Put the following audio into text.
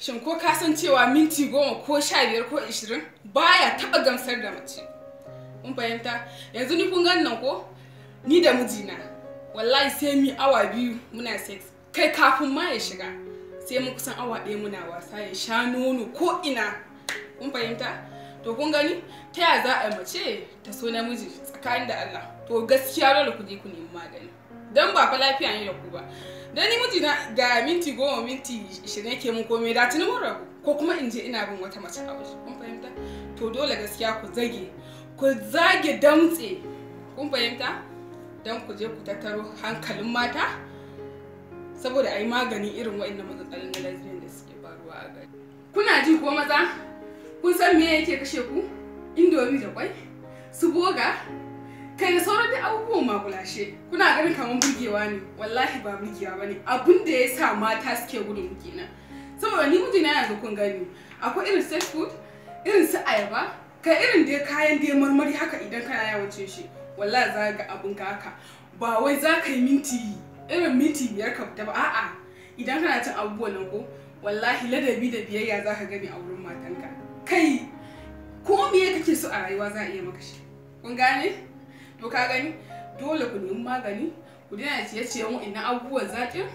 Shin ko ka san cewa minti goma ko sha biyar ko ishirin baya taɓa gamsar da mace? Kun fahimta? Yanzu ni kun gan nan ko? Ni da mijina. Wallahi sai mi awa biyu muna sex. Kai kafin ma ya shiga. Sai mu kusan awa ɗaya muna wasa ya sha nono ko ina. Kun fahimta? to kun gani ta ya za a mace ta so namiji tsakanin da Allah to gaskiya dole ku je ku nemi magani dan ba fa lafiya ne da ku ba dan ni miji na da minti goma minti ne ke mun komai da tuni mun rabu ko kuma in je ina bin wata mace a waje kun fahimta to dole gaskiya ku zage ku zage damtse kun fahimta dan ku je ku tattaro hankalin mata saboda a yi magani irin wa'annan matsalolin da lesbian da suke faruwa a gari kuna ji ko maza kun san me yake kashe ku indomi da kwai su boga kai da sauran da abubuwan gulashe. kuna ganin kamar burgewa ne wallahi ba burgewa ba ne abin da ya sa mata suke gudun kenan saboda ni mijina yanzu kun gani akwai irin safe food irin su ayaba Kai irin da kayan da marmari haka idan kana cin shi wallahi za ga abin ka haka ba wai za ka yi minti irin minti biyar ka fita ba a'a idan kana cin abubuwan nan ko wallahi ladabi da biyayya za ka gani a wurin matanka kai ko me kake so a rayuwa za a iya maka shi kun gane to ka gani dole ku nemi magani ku daina ciye ciyen wa'annan abubuwan zaƙin